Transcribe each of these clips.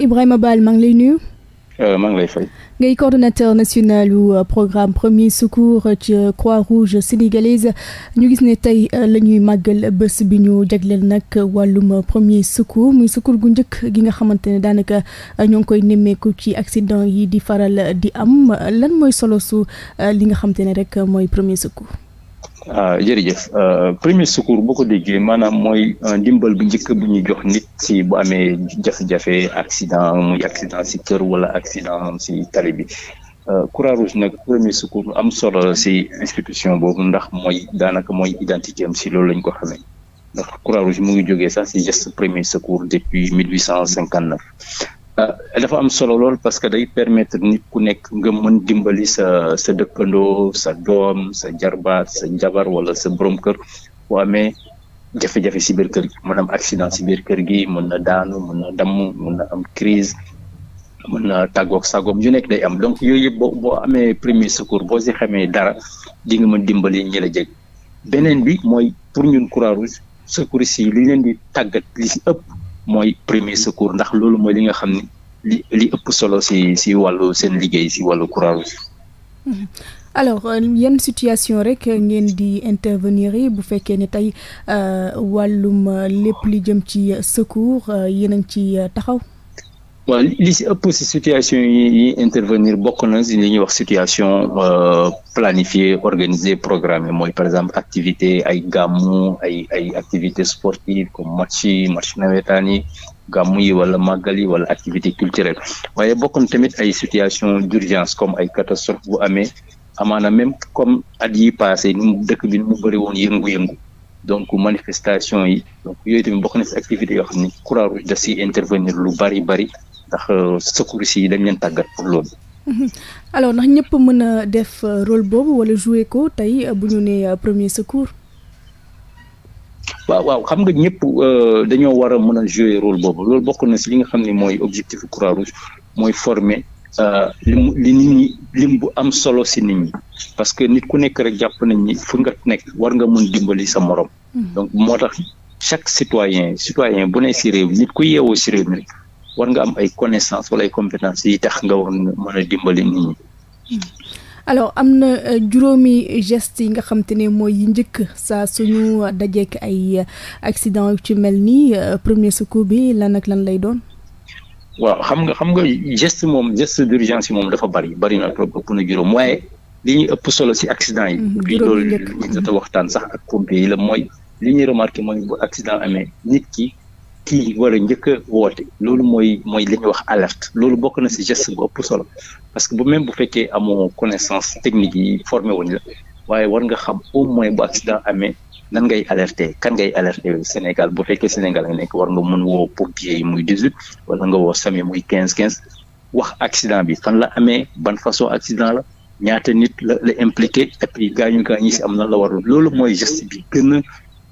Ibrahima Bal maa ngi lay nuyu. Euh, maa ngi lay fay. ngay coordonnateur national euh, programme premier secours euh, ci Croix-Rouge sénégalaise ñu gis ne tey la ñuy màggal bés bi ñu jagleel nag wàllum premier secours muy secours gu njëkk gi nga xamante ne daanaka ñoo ngi koy nemmeeku ci accident yi di faral di am lan mooy solo su li nga xamante ne rek mooy premier secours. waaw euh, jërëjëf euh, premier secours boo ko déggee maanaam mooy euh, ndimbal bu njëkk bu ñuy jox nit si bu amee jafe-jafe accident muy accident si kër wala accident si tali bi Croix-Rouge nag premier secours am solo si institution boobu ndax mooy daanaka mooy identité am si loolu lañ ko xamee ndax Croix-Rouge mu ngi jógee sax si geste premier secours depuis mille huit cent cinquante Euh, dafa am solo lool parce que day permettre nit ku nekk nga mën dimbali sa sa dëkkandoo sa doom sa jarbaat sa jabar wala sa borom kër boo amee jafe-jafe si biir kër gi mën na si biir kër gi mën na daanu mën na damm mën na am crise mën na tàggoog sagoom yu nekk day am donc yooyu yëpp boo boo amee premier secours boo si xamee dara di nga mën dimbali ñi la jeg beneen bi mooy pour ñun Croix-Rouge secours yi li leen di tàggat li si ëpp mooy premier secours ndax loolu mooy li nga xam ni li ëpp solo si si wàllu seen liggéey si wàllu Croix-Rouge mm-hmm. alors euh, yan situation rek ngeen di intervenir yi bu fekkee ne tey euh, wàllum euh, lépp li jëm ci secours yéen a ngi ci taxaw waaw li si ëpp si situation yi intervenir bokk na si li ñuy wax situation euh, planifiée organisée programmée mooy par exemple activité ay gàmmu ay ay activité sportive comme match yi match nawetaan yi gàmmu yi wala màggal yi wala activité culturelle waaye bokk na tamit ay situation d'urgence comme ay catastrophe bu amee amaana même comme at yi passé ni dëkk bi ni mu bëri woon yëngu-yëngu donc manifestation yi donc yooyu tamit bokk na si activité yoo xam ni Croix-Rouge da si intervenir lu bari bari tax euh, secours yi dañ leen tàggat pour loolu. Mhm. alors ndax ñëpp mën a def euh, rôle boobu wala jouer ko tey euh, bu ñu nee premier waaw waaw xam nga ñëpp dañoo war a mën a jouer role boobu loolu bokk na si li nga xam ne mooy objectif croix rouge mooy former li li nit ñi lim bu am solo si nit ñi parce que nit ku nekk rek jàpp nañ ni fu nga nekk war nga mun dimbali sa morom. Mhm. donc moo tax chaque citoyen citoyen bu ne si réew nit ku yeewoo si réew mi war nga am ay connaissances wala ay compétences yi tax nga war mën a dimbali nit ñi. alors am na euh, juróomi geste yi nga xam te mooy yi njëkk saa suñu dajeek ay accident ci mel nii euh, premier secours bi lan ak lan lay doon. waaw xam nga xam nga geste moom geste d'urgence yi moom dafa bari bari na trop ëpp na juróom waaye li ñuy ëpp solo ci accident yi. bi mhm, loolu ñu jot a waxtaan sax ak pompier yi la mooy li ñuy remarqué mooy bu accident amee nit ki. kii war a njëkk woote loolu mooy mooy li wax alerte loolu bokk na ci geste bu ëpp solo parce que bu même bu fekkee amoo connaissance technique yi formé wuñ la waaye war nga xam au moins bu accident amee nan ngay alerter kan ngay alerter Sénégal bu fekkee Sénégal nga nekk war nga mun woo pompier yi muy dix-huit wala nga woo SAMU muy quinze quinze wax accident bi fan la amee ban façon accident la ñaata nit la la impliqué et puis gaañu gaañu ci am na la warul loolu mooy geste bi gën a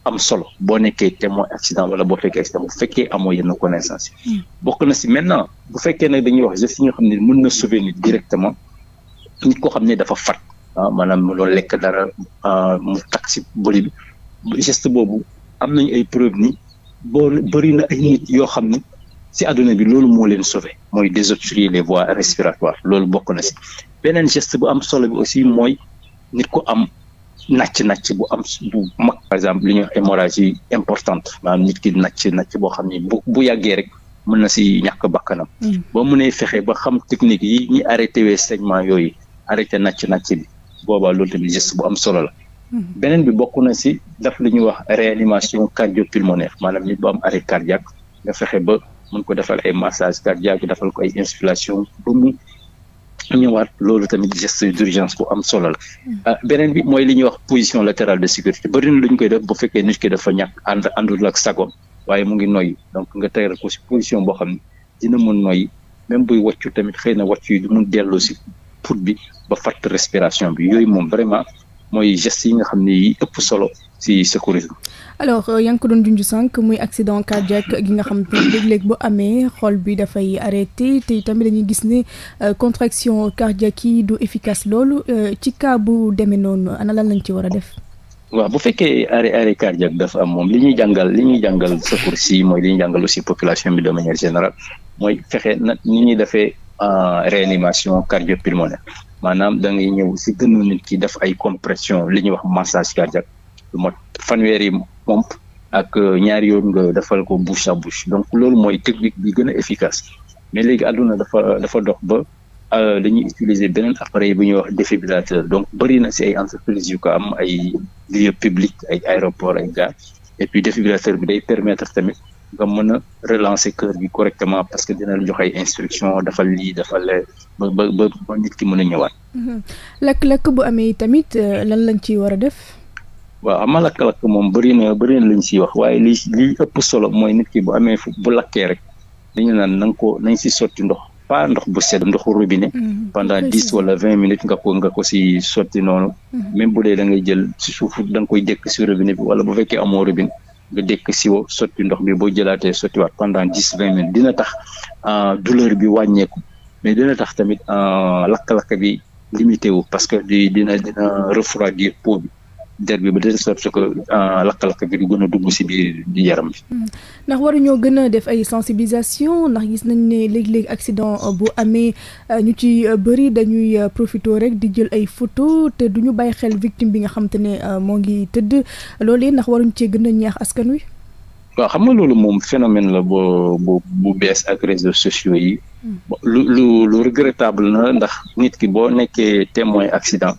am solo boo nekkee témoin accident wala boo fekkee accident bu fekkee amoo yenn connaissance yi. Hmm. bokk na si maintenant bu fekkee nag dañuy wax geste yi xam ne mën na sauver nit directement nit koo xam ne dafa fat ah maanaam lekk dara ah, mu takk si bëri boobu am nañu ay preuve ni boo bëri na ay nit yoo xam ne si àdduna bi loolu moo leen sauver mooy désobstruer les voies respiratoires loolu bokk na si beneen geste bu am solo bi aussi mooy nit ko am. nàcc-nàcc bu am bu mag par exemple li ñuy wax hémorragie importante maanaam nit ki nac nàcc boo xam ni bu bu yàggee rek mën na si ñàkk bakkanam mm. ba mu nee fexe ba xam technique yi ñi arrêté wee saignement yooyu arrêté nàcc-nàcc bi boobaa loolu tamit geste bu am solo la mm. beneen bi bokk na si daf lu ñuy wax réanimation cardiopulmonaire maanaam nit bu am arrêt cardiaque nga fexe ba mën ko defal ay massage cardiaque defal ko ay insufflation ba mu ñëwaat loolu tamit geste d'urgence bu am solo la ah, beneen bi mooy li ñuy wax position latérale de sécurité bëri na lu ñu koy def bu fekkee nit ki dafa ñàkk ànd àndul ak sago waaye mu ngi noyyi donc nga tegal ko si position boo xam ne dina mun noyyi même buy waccu tamit xëy na wàccu yi du mun delloo si put bi ba fàtt respiration bi yooyu moom vraiment mooy gestes yi nga xam ne yi ëpp solo ci secourisme. alors euh, yaa ngi ko doon junj sànq muy accident cardiaque gi nga xam te léeg-léeg bu amee xool bi dafay arrêté te tamit dañuy gis ne euh, contraction cardiaque yi du efficace loolu euh, ci cas bu demee noonu ana lan lañ ci war a def. waaw bu fekkee arrêt arrêt cardiaque dafa am moom li ñuy jàngal li ñuy jàngal secours si mooy li ñuy jàngal aussi population bi de manière générale mooy fexe na ni ñuy defee réanimation cardiopulmonaire maanaam da ngay ñëw si gënu nit ki def ay compression li ñuy wax massage cardiaque lu mot fanweeri pompe ak euh, ñaari yoon nga defal ko bouche à bouche donc loolu mooy technique bi gën a efficace mais léegi àdduna dafa dafa dox ba euh, dañuy utiliser beneen appareil bu ñuy wax défibrillateur donc bëri na si ay entreprises yu ko am ay lieux publics ay aéroport ay gare et puis défibrillateur bi day permettre tamit nga mën a relancer cœur bi correctement parce que dina la jox ay instruction dafa lii dafa lee ba ba nit ki mën a ñëwaat. Mm-hmm. lakk-lakk bu amee tamit euh, lan lañ ciy war a def. waaw ama lakk-lakk moom bëri na bëri na luñ siy wax waaye li li ëpp solo mooy nit ki bu amee fu bu lakkee rek dañu naan na nga nañ si sotti ndox. pas ndox bu sedd ndoxu robine mm-hmm. pendant dix wala vingt minutes nga ko nga ko si sotti noonu mm-hmm. même bu dee da ngay jël si suuf da nga koy jëkk si robinet bi wala bu fekkee amoo robinet nga dékk siwo sotti ndox bi boo jëlaatee sottiwaat pendant dix vingt minutes dina tax euh, douleur bi wàññeeku mais dina tax tamit euh, lakk-lakk bi limité wu parce que di dina dina refroidir peau bi der bi ba de sorte que lakk-lakk bi du gën a dugg si biir yaram bi. Hmm. ndax waruñoo gën a def ay sensibilisation ndax gis nañ ne léegi-léegi accident euh, bu amee euh, ñu ci euh, bëri dañuy profité rek di jël ay photo te du ñu bàyyi xel victime bi nga xam ne moo ngi tëdd loolu ndax waruñ cee gën a ñaax askan wi. waaw xam na loolu moom phénomène la bo bo bu bees ak réseaux sociaux yi. Hmm. lu lu lu regrettable na ndax nit ki boo nekkee témoin accident.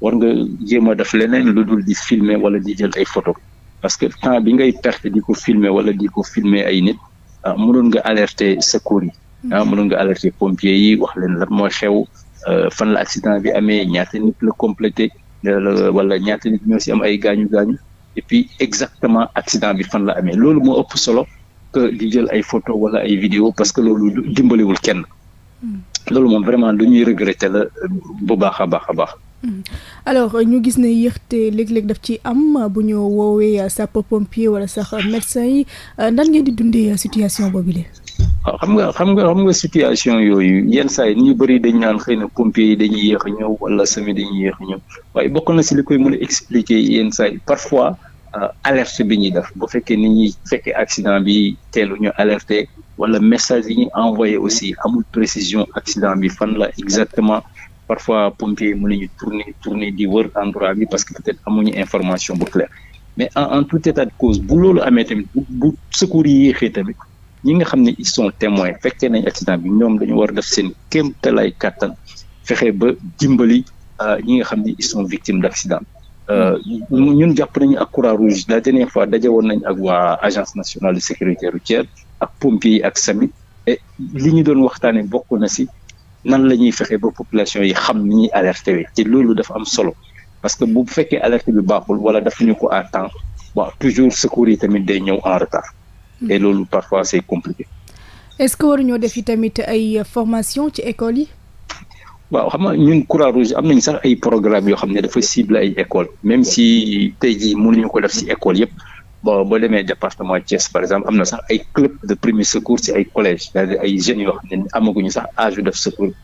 war nga jéem a def leneen lu dul di filmer wala di jël ay photo parce que temps bi ngay perte di ko filmer wala di ko filmer ay nit ah mënoon nga alerter secours yi hmm. ah mënoon nga alerter pompier yi wax leen lan mooy xew euh, fan la accident bi amee ñaata nit la complété wala ñaata nit ñoo si am ay gaañu gaañu exactement accident bi fan la amee loolu moo ëpp solo que di jël ay photo wala ay vidéo parce que loolu dimbaliwul kenn hmm. loolu moom vraiment lu ñuy regretter la euh, bu baax a baax a baax Mm-hmm. alors ñu gis ne yéexte léeg-léeg def ci am bu ñu woowee sapeur pompier wala sax médecin yi nan ngeen di dundee situation boobu la. Ah, xam nga xam nga xam nga situation yooyu yenn saa yi ñu bëri dañ naan xëy na pompier yi dañuy yéex a ñëw wala sami dañuy yéex a ñëw waaye bokk na si li koy mën a expliquer yenn saa parfois euh, alerte bi ñuy def bu fekkee nit ñi fekkee accident bi teelu ñu alerter wala message yi ñuy envoyé aussi amul précision accident bi fan la exactement. parfois pompiers yi mënuñu tourner tourner di wër endroit bi parce que peut-être amuñu information bu claire mais en en tout état de cause bu loolu amee tamit bu bu secours yi yéexee tamit ñi nga xam ne ils sont fekkee nañ accident bi ñoom dañu war a def seen kéemtalaay kàttan fexe ba dimbali euh, ñi nga xam ni ils sont victimes d' accident euh, mm. ñun jàpp nañu ak Croix-Rouge la dernière fois daje woon nañ ak waa agence nationale de sécurité routière ak pompiers yi ak SAMI et li ñu doon waxtaanee bokk na si nan la ñuy fexe ba population yi xam ni ñuy alerté wi te loolu dafa am solo parce que bu fekkee alerte bi baaxul wala daf ñu ko à temps bon toujours secours yi tamit day ñëw en retard et hmm. loolu parfois c'est compliqué est-ce que waruñoo def yi tamit ay formation ci école yi waaw xam nga ñun Croix Rouge am nañ sax ay programme yoo xam ne dafa cible ay école même si tey jii mënuñu ko def si école yëpp bon boo demee département Thiès par exemple am na sax ay club de premier secours ci ay collège c'est-à-dire ay jeunes yoo xam amaguñu sax âge yu def secours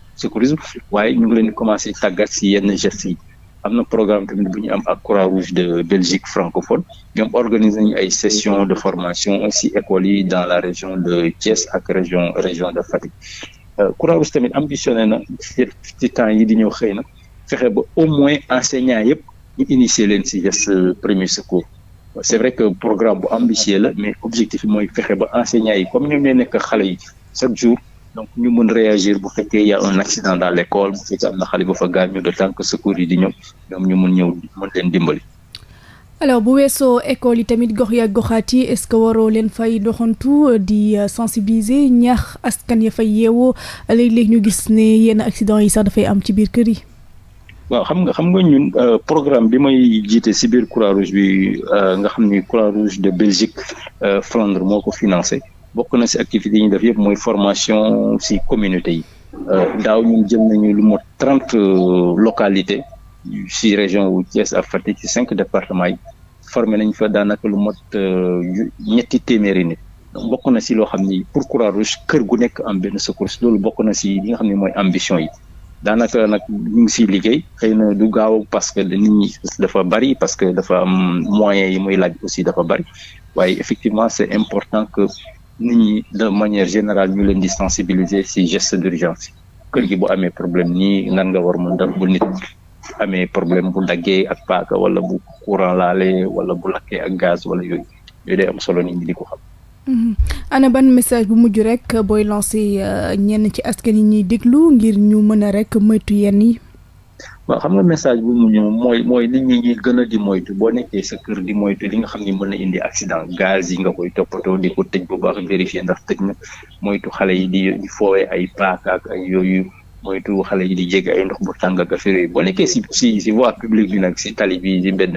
waaye ñu ngi leen di commencé tàggat si yenn gestes yi am na programme tamit bu am ak croix rouge de Belgique francophone ñoom organiser ñu ay session de formation ci écoles yi dans la région de Thiès ak région région de Fatick euh, croix rouge tamit ambitionné na ci temps yi di ñëw xëy na fexe ba au moins enseignants yëpp ñu initier leen ci geste premier c'est vrai que programme bu ambitieux la mais objectif mooy fexe ba enseignants yi comme ñoom ñooy nekk xale yi chaque jour donc ñu mën réagir bu fekkee y a un accident dans l'école bu fekkee am na xale bu fa gaañu de tant que secours yi di ñëw ñoom ñu mën ñëw mën leen dimbali. alors bu weesoo école yi tamit gox ya goxaat yi est-ce que waroo leen fay doxantu euh, di euh, sensibiliser ñaax askan ya fay yeewoo léeg-léeg ñu gis ne yenn accident yi sax dafay am ci biir kër yi. waaw xam nga xam nga ñun euh, programme bi may jiite si biir Croix-Rouge bi euh, nga xam ni Croix-Rouge de Belgique euh, Flandre moo ko financé bokk na si activités yi ñu def yëpp mooy formation si communauté yi daaw ñun jël nañu lu mot trente localités si région wu Thiès ak Fatick ci cinq département yi formé nañ fa daanaka lu mot ñetti téeméeri nit bokk na si loo xam ni pour Croix-Rouge kër gu nekk am benn secours loolu bokk na si li nga xam ne mooy ambition yi daanaka nag ñu ngi siy liggéey xëy na du gaaw parce que nit ñi dafa bari parce que dafa am moyens yi muy laaj aussi dafa bari waaye effectivement c'est important que nit ñi de manière général ñu leen di sensibiliser si geste d'urgence kër gi bu amee problème nii nan nga war mën def bu nit amee problème bu daggee ak paaka wala bu courant laale wala bu lakkee ak gaz wala yooyu yooyu day am solo nit ñi di ko xam. Mm-hmm. ana ban message bu mujj rek booy lancé euh, ñenn ci askan yi ñuy déglu ngir ñu mën a rek moytu yenn yi. waaw xam nga message bu mu mooy mooy nit ñi ñuy gën a di moytu boo nekkee sa kër di moytu li xam ni mën na indi accident gaz yi nga koy toppatoo di ko tëj bu baax vérifier ndax tëj na moytu xale yi di di foowee ay paakaak ak ay yooyu moytu xale yi di jege ay ndox bu tàng ak affaire yooyu boo nekkee si si voie publique bi nag si tali bi si mbedd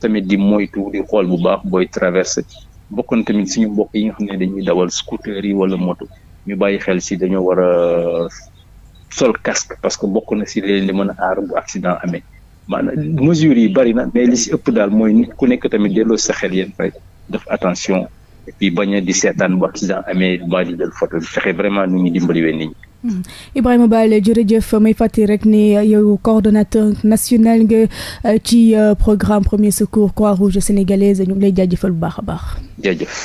tamit di moytu di xool bu baax booy traversé bokkoon tamit suñu mbokk yi nga xam ne dañuy dawal scooter yi wala moto ñu bàyyi xel si dañoo war a sol casque parce que bokk na si leen li mën a aar bu accident amee maanaam mesures yi bari na mais li si ëpp daal mooy nit ku nekk tamit delloo sa xel yéen fay def attention et puis bañ di seetaan bu accident amee ba di dal photo fexe vraiment nu ñu dimbaliwee nit ñi Mm. Ibrahima Bal jërëjëf may fàttali rek ne yow coordonnateur national nga euh, ci euh, programme premier secours Croix-Rouge sénégalaise ñu ngi lay jaajëfal bu baax a baax. jaajëf.